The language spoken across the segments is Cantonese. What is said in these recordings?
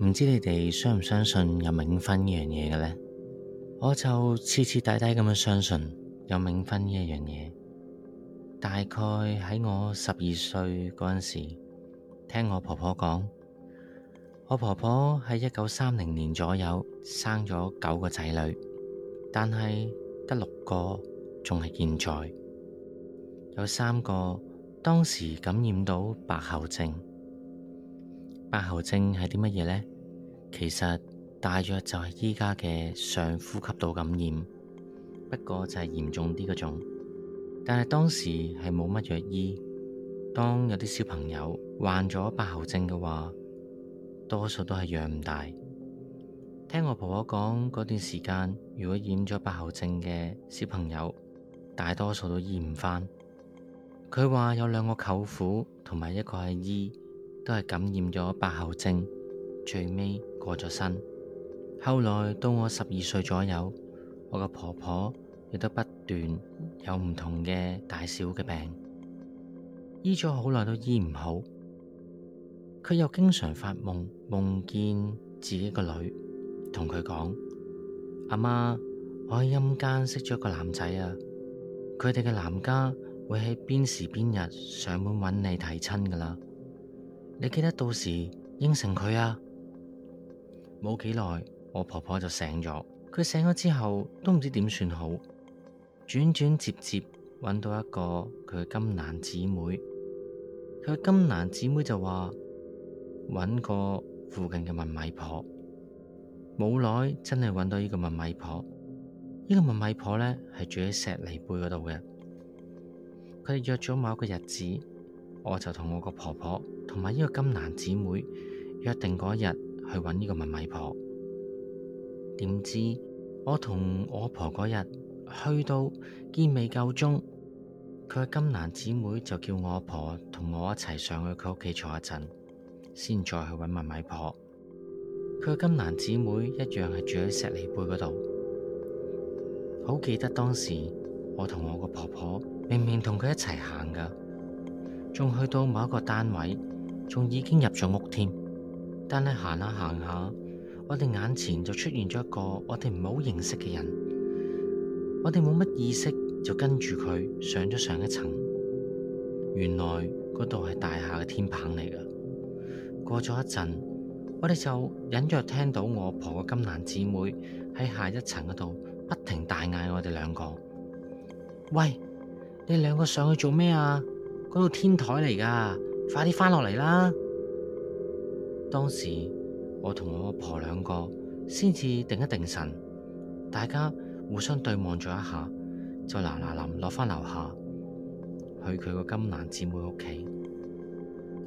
唔知你哋相唔相信有冥婚呢樣嘢嘅咧？我就徹徹底底咁樣相信有冥婚呢一樣嘢。大概喺我十二歲嗰陣時，聽我婆婆講，我婆婆喺一九三零年左右生咗九個仔女，但係得六個仲係健在，有三個當時感染到白喉症。白喉症係啲乜嘢呢？其實大約就係依家嘅上呼吸道感染，不過就係嚴重啲嗰種。但係當時係冇乜藥醫，當有啲小朋友患咗白喉症嘅話，多數都係養唔大。聽我婆婆講嗰段時間，如果染咗白喉症嘅小朋友，大多數都醫唔翻。佢話有兩個舅父同埋一個阿姨。都係感染咗白喉症，最尾過咗身。後來到我十二歲左右，我個婆婆亦都不斷有唔同嘅大小嘅病，醫咗好耐都醫唔好。佢又經常發夢，夢見自己個女同佢講：阿媽，我喺陰間識咗個男仔啊，佢哋嘅男家會喺邊時邊日上門揾你提親噶啦。你記得到時應承佢啊！冇幾耐，我婆婆就醒咗。佢醒咗之後都唔知點算好，轉轉接接揾到一個佢嘅金蘭姊妹。佢嘅金蘭姊妹就話揾個附近嘅問米婆。冇耐真係揾到呢個問米婆。呢個問米婆咧係住喺石梨貝嗰度嘅。佢哋約咗某一個日子。我就同我個婆婆同埋呢個金蘭姊妹約定嗰日去搵呢個文米婆。點知我同我婆嗰日去到見未夠鐘，佢個金蘭姊妹就叫我阿婆同我一齊上去佢屋企坐一陣，先再去搵文米婆。佢個金蘭姊妹一樣係住喺石梨貝嗰度。好記得當時我同我個婆婆明明同佢一齊行噶。仲去到某一個單位，仲已經入咗屋添。但係行下行下，我哋眼前就出現咗一個我哋唔好認識嘅人。我哋冇乜意識就跟住佢上咗上一層。原來嗰度係大廈嘅天棚嚟噶。過咗一陣，我哋就隱約聽到我婆嘅金蘭姊妹喺下一層嗰度不停大嗌我哋兩個，喂，你兩個上去做咩啊？嗰度天台嚟噶，快啲翻落嚟啦！當時我同我阿婆兩個先至定一定神，大家互相對望咗一下，就嗱嗱臨落翻樓下去佢個金蘭姊妹屋企。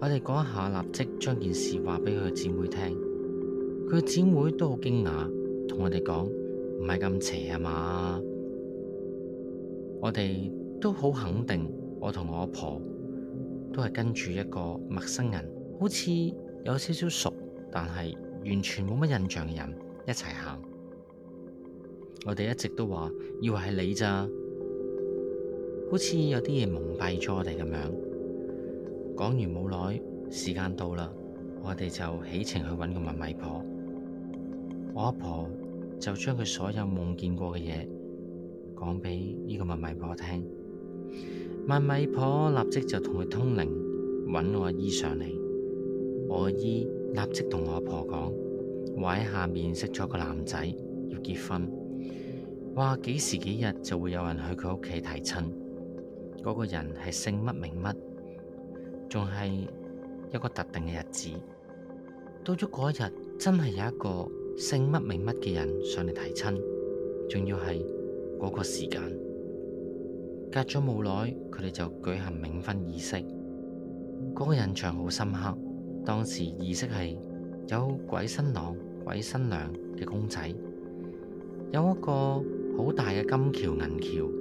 我哋講一下，立即將件事話俾佢姊妹聽。佢姊妹都好驚訝，同我哋講唔係咁邪啊嘛！我哋都好肯定，我同我阿婆。都係跟住一個陌生人，好似有少少熟，但係完全冇乜印象嘅人一齊行。我哋一直都話以為係你咋，好似有啲嘢蒙蔽咗我哋咁樣。講完冇耐，時間到啦，我哋就起程去揾個問米婆。我阿婆就將佢所有夢見過嘅嘢講俾呢個問米婆聽。問米婆立即就同佢通靈，揾我姨上嚟。我姨立即同我阿婆講，話喺下面識咗個男仔，要結婚。話幾時幾日就會有人去佢屋企提親。嗰、那個人係姓乜名乜，仲係一個特定嘅日子。到咗嗰日，真係有一個姓乜名乜嘅人上嚟提親，仲要係嗰個時間。隔咗冇耐，佢哋就舉行冥婚儀式。嗰個印象好深刻，當時儀式係有鬼新郎、鬼新娘嘅公仔，有一個好大嘅金橋銀橋，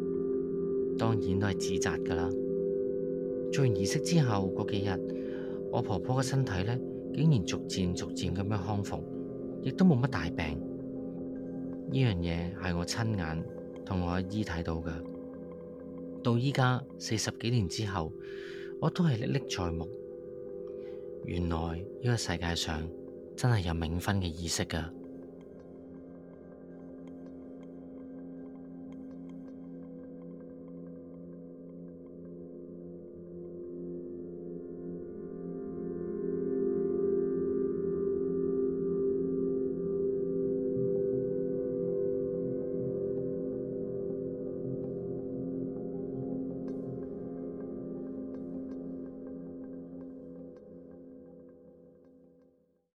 當然都係自紮噶啦。做完儀式之後嗰幾日，我婆婆嘅身體呢，竟然逐漸逐漸咁樣康復，亦都冇乜大病。呢樣嘢係我親眼同我阿姨睇到嘅。到而家四十幾年之後，我都係歷歷在目。原來呢、呢個世界上真係有冥婚嘅意識㗎。